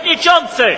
przewodniczący!